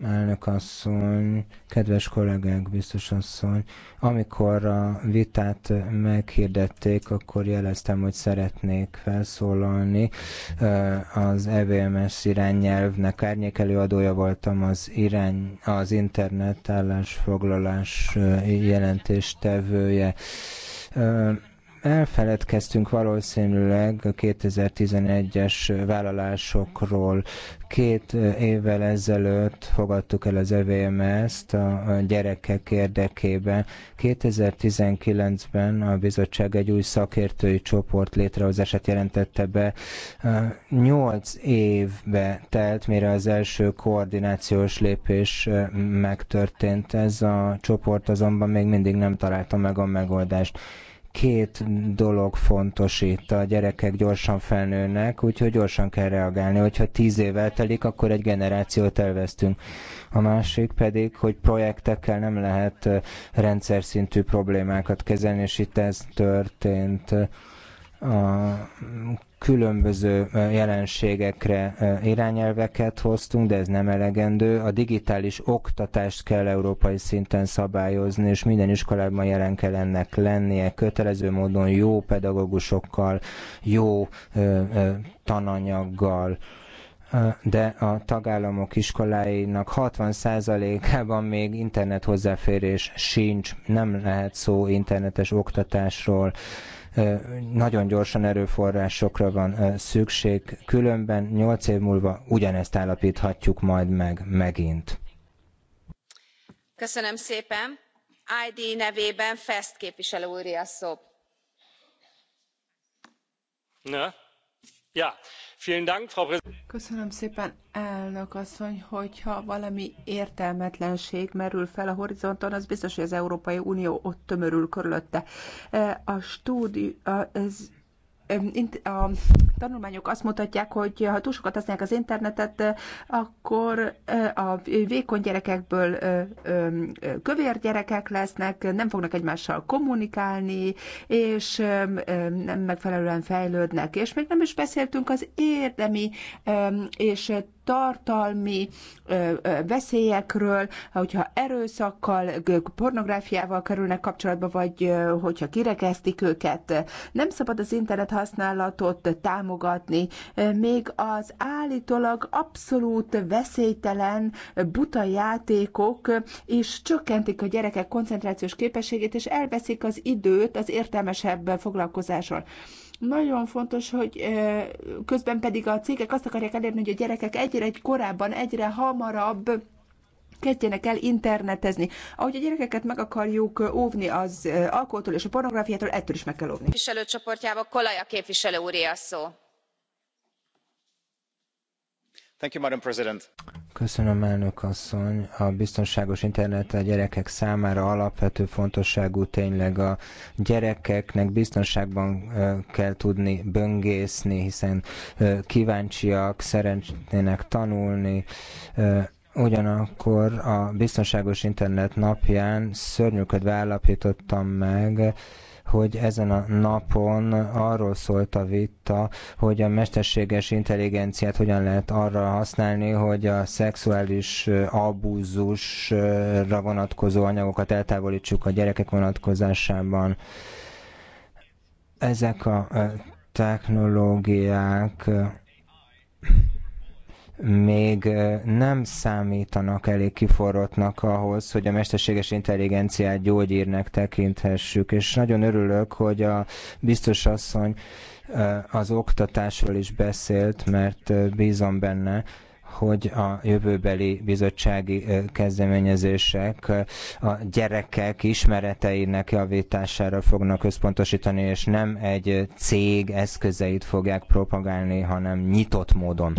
elnök asszony, kedves kollégák, biztos asszony. Amikor a vitát meghirdették, akkor jeleztem, hogy szeretnék felszólalni. Az EVMS irányelvnek árnyékelőadója voltam az, irány, az internet állásfoglalás jelentéstevője elfeledkeztünk valószínűleg a 2011-es vállalásokról. Két eh, évvel ezelőtt fogadtuk el az EVMS-t a gyerekek érdekében. 2019-ben a bizottság egy új szakértői csoport létrehozását jelentette be. Nyolc évbe telt, mire az első koordinációs lépés eh, megtörtént. Ez a csoport azonban még mindig nem találta meg a megoldást két dolog fontos itt, a gyerekek gyorsan felnőnek, úgyhogy gyorsan kell reagálni. Hogyha tíz év eltelik, akkor egy generációt elvesztünk. A másik pedig, hogy projektekkel nem lehet rendszer szintű problémákat kezelni, és itt ez történt a különböző jelenségekre irányelveket hoztunk, de ez nem elegendő. A digitális oktatást kell európai szinten szabályozni, és minden iskolában jelen kell ennek lennie, kötelező módon jó pedagógusokkal, jó tananyaggal de a tagállamok iskoláinak 60%-ában még internet hozzáférés sincs, nem lehet szó internetes oktatásról. Nagyon gyorsan erőforrásokra van szükség, különben 8 év múlva ugyanezt állapíthatjuk majd meg megint. Köszönöm szépen. ID nevében Fest képviselő úr a szó. Ne? Ja. Köszönöm szépen, elnök asszony, hogyha valami értelmetlenség merül fel a horizonton, az biztos, hogy az Európai Unió ott tömörül körülötte. E, a stúdió, az a tanulmányok azt mutatják, hogy ha túl sokat használják az internetet, akkor a vékony gyerekekből kövér gyerekek lesznek, nem fognak egymással kommunikálni, és nem megfelelően fejlődnek. És még nem is beszéltünk az érdemi és tartalmi veszélyekről, hogyha erőszakkal, pornográfiával kerülnek kapcsolatba, vagy hogyha kirekeztik őket. Nem szabad az internet használatot támogatni, még az állítólag abszolút veszélytelen buta játékok is csökkentik a gyerekek koncentrációs képességét, és elveszik az időt az értelmesebb foglalkozásról. Nagyon fontos, hogy közben pedig a cégek azt akarják elérni, hogy a gyerekek egyre egy korábban, egyre hamarabb kezdjenek el internetezni. Ahogy a gyerekeket meg akarjuk óvni az alkoholtól és a pornográfiától, ettől is meg kell óvni. Képviselőcsoportjába Kolaja képviselő úr a szó Köszönöm, elnök asszony. A biztonságos internet a gyerekek számára alapvető fontosságú tényleg a gyerekeknek biztonságban kell tudni böngészni, hiszen kíváncsiak, szeretnének tanulni, Ugyanakkor a Biztonságos Internet napján szörnyűködve állapítottam meg, hogy ezen a napon arról szólt a vita, hogy a mesterséges intelligenciát hogyan lehet arra használni, hogy a szexuális abúzusra vonatkozó anyagokat eltávolítsuk a gyerekek vonatkozásában. Ezek a technológiák még nem számítanak elég kiforrottnak ahhoz, hogy a mesterséges intelligenciát gyógyírnek tekinthessük. És nagyon örülök, hogy a biztos asszony az oktatásról is beszélt, mert bízom benne, hogy a jövőbeli bizottsági kezdeményezések a gyerekek ismereteinek javítására fognak összpontosítani, és nem egy cég eszközeit fogják propagálni, hanem nyitott módon.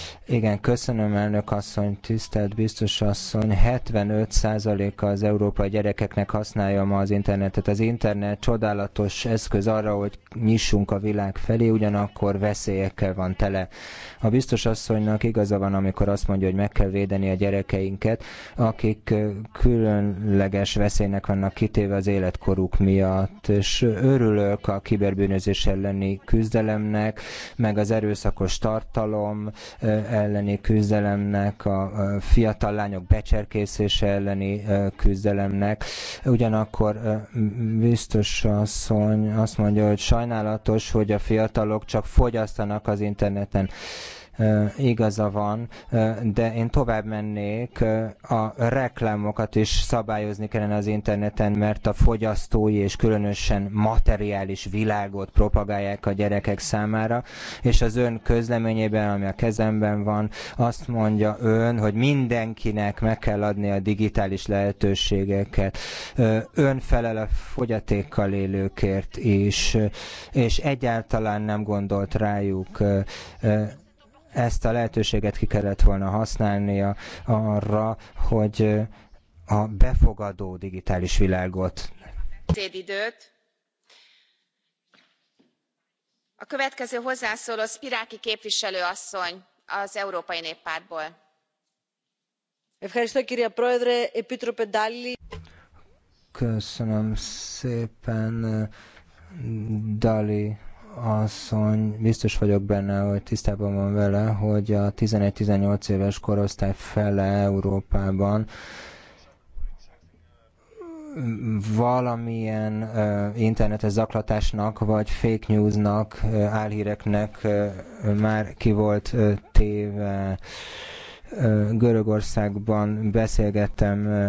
Igen, köszönöm elnök asszony, tisztelt biztos asszony. 75%-a az európai gyerekeknek használja ma az internetet. Az internet csodálatos eszköz arra, hogy nyissunk a világ felé, ugyanakkor veszélyekkel van tele. A biztos asszonynak igaza van, amikor azt mondja, hogy meg kell védeni a gyerekeinket, akik különleges veszélynek vannak kitéve az életkoruk miatt. És örülök a kiberbűnözés elleni küzdelemnek, meg az erőszakos tartalom elleni küzdelemnek, a fiatal lányok becserkészése elleni küzdelemnek. Ugyanakkor biztos asszony azt mondja, hogy sajnálatos, hogy a fiatalok csak fogyasztanak az interneten igaza van, de én tovább mennék, a reklámokat is szabályozni kellene az interneten, mert a fogyasztói és különösen materiális világot propagálják a gyerekek számára, és az ön közleményében, ami a kezemben van, azt mondja ön, hogy mindenkinek meg kell adni a digitális lehetőségeket. Ön felel a fogyatékkal élőkért is, és egyáltalán nem gondolt rájuk ezt a lehetőséget ki kellett volna használnia arra, hogy a befogadó digitális világot. Cédidőt. A következő hozzászóló Spiráki képviselő asszony az Európai Néppártból. Köszönöm szépen, Dali asszony, biztos vagyok benne, hogy tisztában van vele, hogy a 11-18 éves korosztály fele Európában valamilyen uh, internetes zaklatásnak, vagy fake newsnak, uh, álhíreknek uh, már ki volt uh, téve. Uh, Görögországban beszélgettem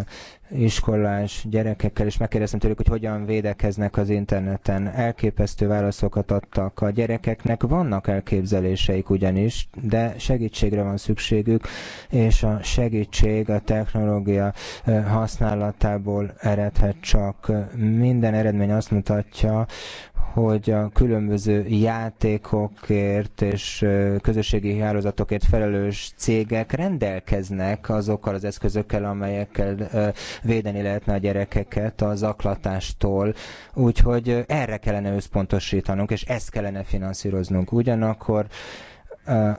iskolás gyerekekkel, és megkérdeztem tőlük, hogy hogyan védekeznek az interneten. Elképesztő válaszokat adtak a gyerekeknek, vannak elképzeléseik ugyanis, de segítségre van szükségük, és a segítség a technológia használatából eredhet csak. Minden eredmény azt mutatja, hogy a különböző játékokért és közösségi hálózatokért felelős cégek rendelkeznek azokkal az eszközökkel, amelyekkel védeni lehetne a gyerekeket a zaklatástól. Úgyhogy erre kellene összpontosítanunk, és ezt kellene finanszíroznunk. Ugyanakkor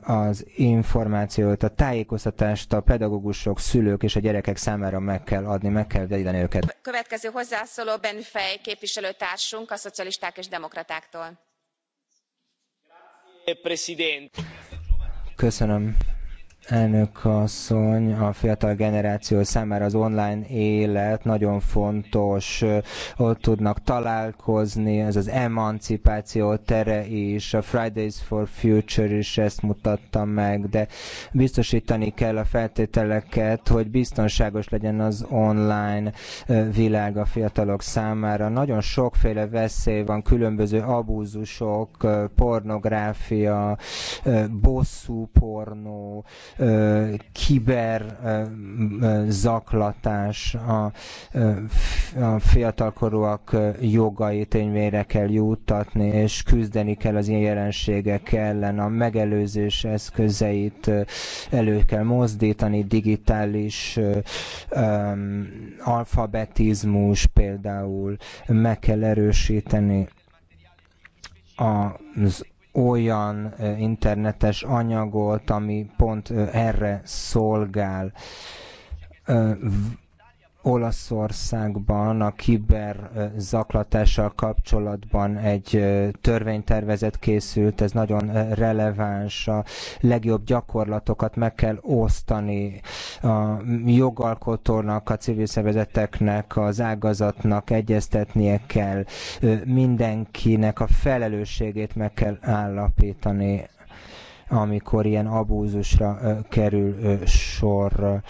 az információt, a tájékoztatást a pedagógusok, szülők és a gyerekek számára meg kell adni, meg kell védeni őket. Következő hozzászóló Ben Fej képviselőtársunk a szocialisták és demokratáktól. Köszönöm, Elnök asszony, a fiatal generáció számára az online élet nagyon fontos. Ott tudnak találkozni, ez az emancipáció tere is, a Fridays for Future is ezt mutatta meg, de biztosítani kell a feltételeket, hogy biztonságos legyen az online világ a fiatalok számára. Nagyon sokféle veszély van, különböző abúzusok, pornográfia, bosszú pornó, kiber zaklatás, a, a fiatalkorúak jogait tényvére kell juttatni, és küzdeni kell az ilyen jelenségek ellen, a megelőzés eszközeit elő kell mozdítani, digitális um, alfabetizmus például meg kell erősíteni az olyan internetes anyagot, ami pont erre szolgál Olaszországban a kiberzaklatással kapcsolatban egy törvénytervezet készült, ez nagyon releváns, a legjobb gyakorlatokat meg kell osztani a jogalkotónak, a civil szervezeteknek, az ágazatnak egyeztetnie kell, mindenkinek a felelősségét meg kell állapítani amikor ilyen abúzusra kerül sor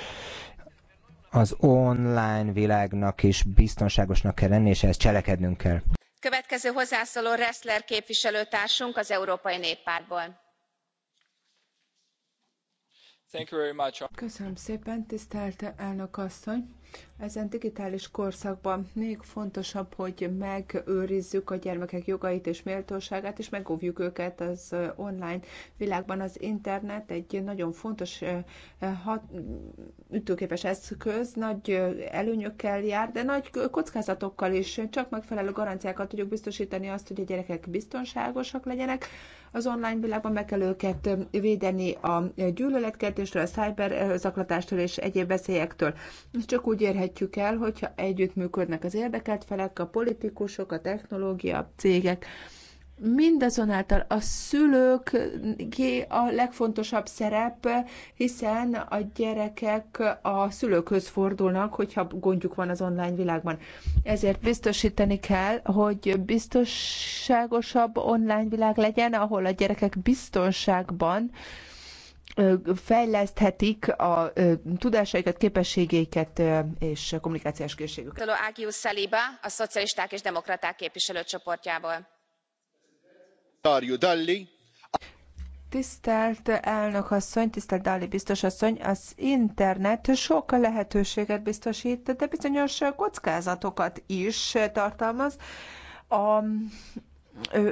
az online világnak is biztonságosnak kell lenni, és ehhez cselekednünk kell. Következő hozzászóló Ressler képviselőtársunk az Európai Néppártból. Köszönöm szépen, tisztelt elnök asszony! Ezen digitális korszakban még fontosabb, hogy megőrizzük a gyermekek jogait és méltóságát, és megóvjuk őket az online világban. Az internet egy nagyon fontos hat, ütőképes eszköz, nagy előnyökkel jár, de nagy kockázatokkal is. Csak megfelelő garanciákat tudjuk biztosítani azt, hogy a gyerekek biztonságosak legyenek. Az online világban meg kell őket védeni a gyűlöletkeltésről, a szájberzaklatástól és egyéb veszélyektől. Csak úgy érhet érhetjük el, hogyha együttműködnek az érdekelt felek, a politikusok, a technológia, a cégek. Mindazonáltal a ki a legfontosabb szerep, hiszen a gyerekek a szülőkhöz fordulnak, hogyha gondjuk van az online világban. Ezért biztosítani kell, hogy biztonságosabb online világ legyen, ahol a gyerekek biztonságban fejleszthetik a tudásaikat, képességeiket és kommunikációs készségüket. Ágius Saliba, a Szocialisták és Demokraták képviselőcsoportjából. Dalli. Tisztelt elnök asszony, tisztelt Dali biztos asszony, az internet sok lehetőséget biztosít, de bizonyos kockázatokat is tartalmaz. A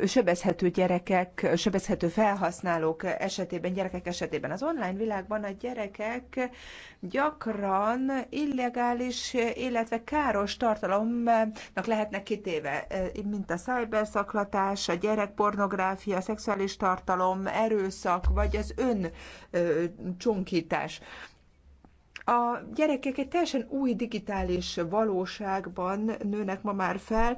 sebezhető gyerekek, sebezhető felhasználók esetében, gyerekek esetében. Az online világban a gyerekek gyakran illegális, illetve káros tartalomnak lehetnek kitéve, mint a szájberszaklatás, a gyerekpornográfia, a szexuális tartalom, erőszak, vagy az ön csonkítás a gyerekek egy teljesen új digitális valóságban nőnek ma már fel,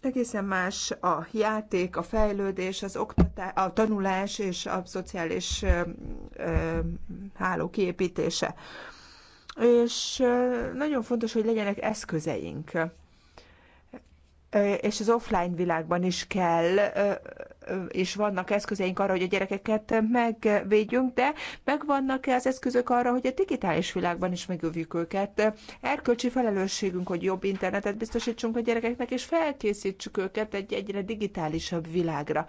Egészen más a játék, a fejlődés, az oktatás, a tanulás és a szociális ö, ö, háló kiépítése. És nagyon fontos, hogy legyenek eszközeink és az offline világban is kell és vannak eszközeink arra, hogy a gyerekeket megvédjünk, de megvannak-e az eszközök arra, hogy a digitális világban is megövjük őket? Erkölcsi felelősségünk, hogy jobb internetet biztosítsunk a gyerekeknek, és felkészítsük őket egy egyre digitálisabb világra.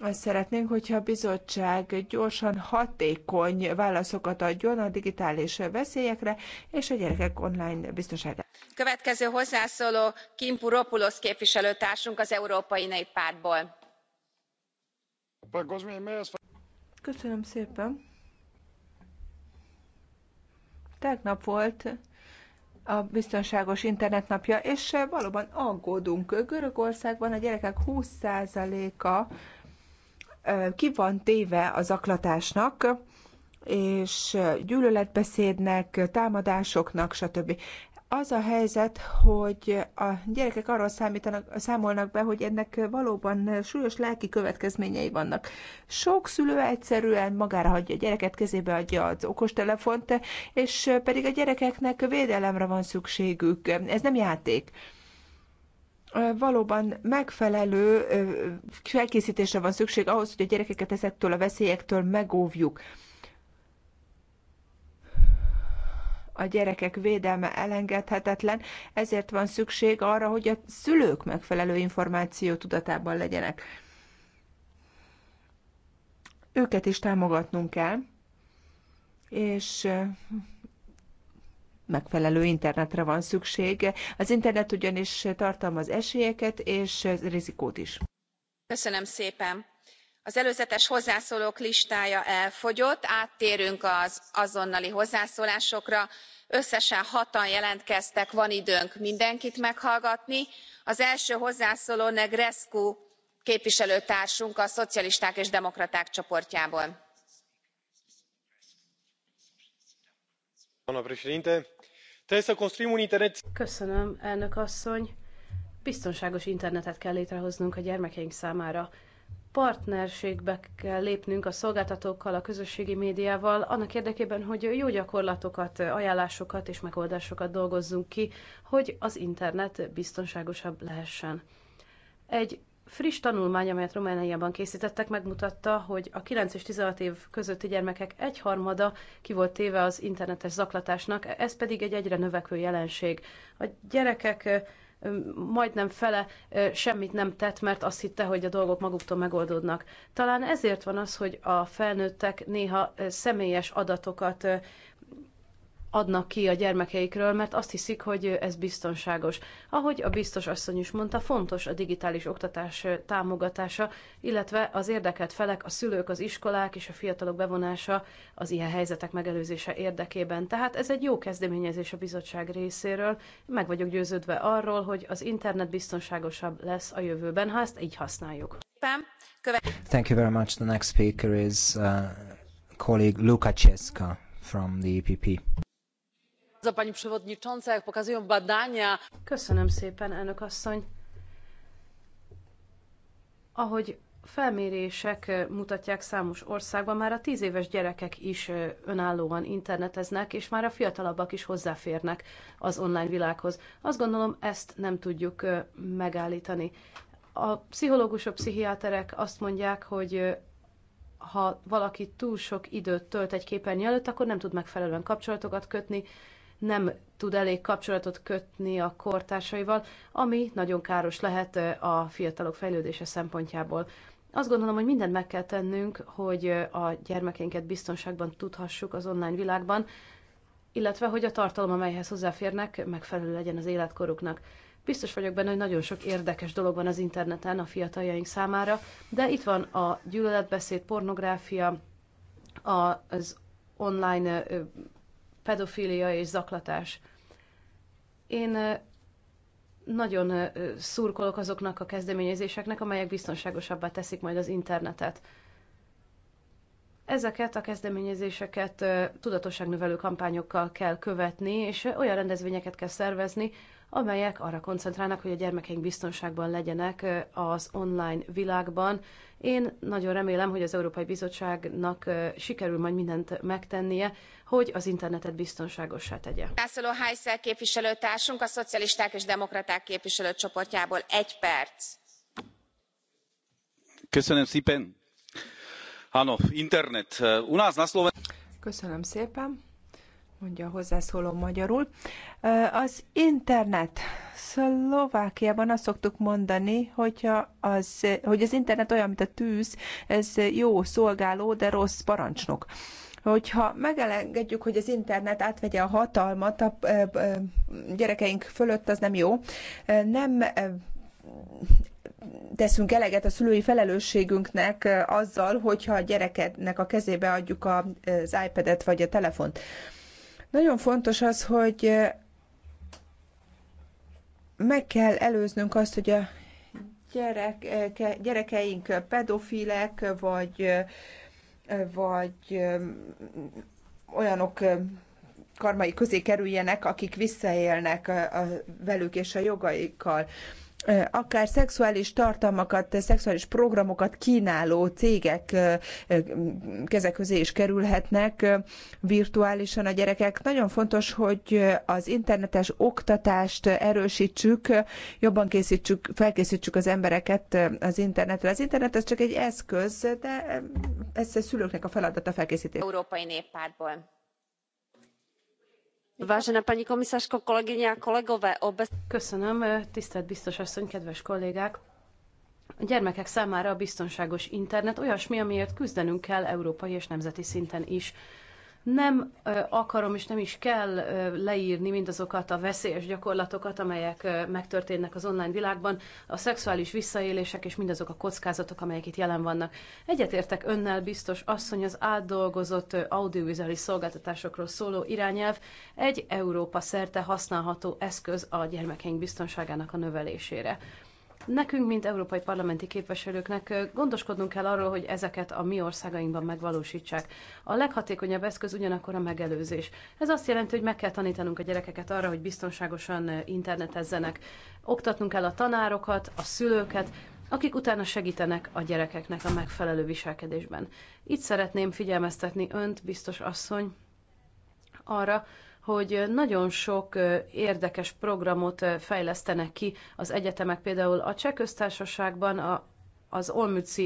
Azt szeretnénk, hogyha a bizottság gyorsan, hatékony válaszokat adjon a digitális veszélyekre és a gyerekek online biztonságára. Következő hozzászóló Kimpu Ropulosz képviselőtársunk az Európai Néppártból Köszönöm szépen. Tegnap volt a biztonságos internetnapja, és valóban aggódunk. Görögországban a gyerekek 20%-a ki van téve az aklatásnak, és gyűlöletbeszédnek, támadásoknak, stb az a helyzet, hogy a gyerekek arról számítanak, számolnak be, hogy ennek valóban súlyos lelki következményei vannak. Sok szülő egyszerűen magára hagyja a gyereket, kezébe adja az okostelefont, és pedig a gyerekeknek védelemre van szükségük. Ez nem játék valóban megfelelő felkészítésre van szükség ahhoz, hogy a gyerekeket ezektől a veszélyektől megóvjuk. a gyerekek védelme elengedhetetlen, ezért van szükség arra, hogy a szülők megfelelő információ tudatában legyenek. Őket is támogatnunk kell, és megfelelő internetre van szükség. Az internet ugyanis tartalmaz esélyeket és rizikót is. Köszönöm szépen! az előzetes hozzászólók listája elfogyott áttérünk az azonnali hozzászólásokra összesen hatan jelentkeztek van időnk mindenkit meghallgatni. az első hozzászóló negrescu képviselőtársunk a szocialisták és demokraták csoportjából. internet. köszönöm biztonságos internetet kell létrehoznunk a gyermekeink számára partnerségbe kell lépnünk a szolgáltatókkal, a közösségi médiával, annak érdekében, hogy jó gyakorlatokat, ajánlásokat és megoldásokat dolgozzunk ki, hogy az internet biztonságosabb lehessen. Egy friss tanulmány, amelyet Romániában készítettek, megmutatta, hogy a 9 és 16 év közötti gyermekek egyharmada ki volt téve az internetes zaklatásnak, ez pedig egy egyre növekvő jelenség. A gyerekek majdnem fele semmit nem tett, mert azt hitte, hogy a dolgok maguktól megoldódnak. Talán ezért van az, hogy a felnőttek néha személyes adatokat adnak ki a gyermekeikről, mert azt hiszik, hogy ez biztonságos. Ahogy a biztos asszony is mondta, fontos a digitális oktatás támogatása, illetve az érdekelt felek, a szülők, az iskolák és a fiatalok bevonása az ilyen helyzetek megelőzése érdekében. Tehát ez egy jó kezdeményezés a bizottság részéről. Meg vagyok győződve arról, hogy az internet biztonságosabb lesz a jövőben, ha ezt így használjuk. Thank you very much. The next speaker is uh, colleague Luka Cesca from the EPP pani przewodnicząca! jak pokazują badania. köszönöm szépen ahogy felmérések eh, mutatják számos országban már a tíz éves gyerekek is eh, önállóan interneteznek és már a fiatalabbak is hozzáférnek az online világhoz azt gondolom ezt nem tudjuk eh, megállítani a pszichológusok pszichiáterek azt mondják hogy ha valaki túl sok időt tölt egy képernyő előtt, akkor nem tud megfelelően kapcsolatokat kötni, nem tud elég kapcsolatot kötni a kortársaival, ami nagyon káros lehet a fiatalok fejlődése szempontjából. Azt gondolom, hogy mindent meg kell tennünk, hogy a gyermekeinket biztonságban tudhassuk az online világban, illetve hogy a tartalom, amelyhez hozzáférnek, megfelelő legyen az életkoruknak. Biztos vagyok benne, hogy nagyon sok érdekes dolog van az interneten a fiataljaink számára, de itt van a gyűlöletbeszéd, pornográfia, az online pedofília és zaklatás. Én nagyon szurkolok azoknak a kezdeményezéseknek, amelyek biztonságosabbá teszik majd az internetet. Ezeket a kezdeményezéseket tudatosságnövelő kampányokkal kell követni, és olyan rendezvényeket kell szervezni, amelyek arra koncentrálnak, hogy a gyermekeink biztonságban legyenek az online világban. Én nagyon remélem, hogy az Európai Bizottságnak sikerül majd mindent megtennie, hogy az internetet biztonságossá tegye. László Heiszler képviselőtársunk a Szocialisták és Demokraták képviselőcsoportjából egy perc. Köszönöm szépen. Ano, internet. U nás na Slovensku. Köszönöm szépen mondja a hozzászóló magyarul. Az internet. Szlovákiában azt szoktuk mondani, hogyha az, hogy az internet olyan, mint a tűz, ez jó szolgáló, de rossz parancsnok hogyha megengedjük, hogy az internet átvegye a hatalmat a gyerekeink fölött, az nem jó. Nem teszünk eleget a szülői felelősségünknek azzal, hogyha a gyerekednek a kezébe adjuk az iPad-et vagy a telefont. Nagyon fontos az, hogy meg kell előznünk azt, hogy a gyerek, gyerekeink pedofilek, vagy vagy olyanok karmai közé kerüljenek, akik visszaélnek a, velük és a jogaikkal akár szexuális tartalmakat, szexuális programokat kínáló cégek kezek közé is kerülhetnek virtuálisan a gyerekek. Nagyon fontos, hogy az internetes oktatást erősítsük, jobban készítsük, felkészítsük az embereket az internetre. Az internet az csak egy eszköz, de ez a szülőknek a feladata felkészítés. Európai Néppártból Vážená pani komisařko, kolegyně a kolegové, Köszönöm, eh, tisztelt biztos asszony, kedves kollégák! A gyermekek számára a biztonságos internet olyasmi, amiért küzdenünk kell európai és nemzeti szinten is. Nem akarom és nem is kell leírni mindazokat a veszélyes gyakorlatokat, amelyek megtörténnek az online világban, a szexuális visszaélések és mindazok a kockázatok, amelyek itt jelen vannak. Egyetértek önnel biztos asszony az átdolgozott audiovizuális szolgáltatásokról szóló irányelv egy Európa szerte használható eszköz a gyermekeink biztonságának a növelésére. Nekünk, mint európai parlamenti képviselőknek gondoskodnunk kell arról, hogy ezeket a mi országainkban megvalósítsák. A leghatékonyabb eszköz ugyanakkor a megelőzés. Ez azt jelenti, hogy meg kell tanítanunk a gyerekeket arra, hogy biztonságosan internetezzenek. Oktatnunk kell a tanárokat, a szülőket, akik utána segítenek a gyerekeknek a megfelelő viselkedésben. Itt szeretném figyelmeztetni önt, biztos asszony, arra, hogy nagyon sok érdekes programot fejlesztenek ki az egyetemek, például a Cseh Köztársaságban a, az Olmützi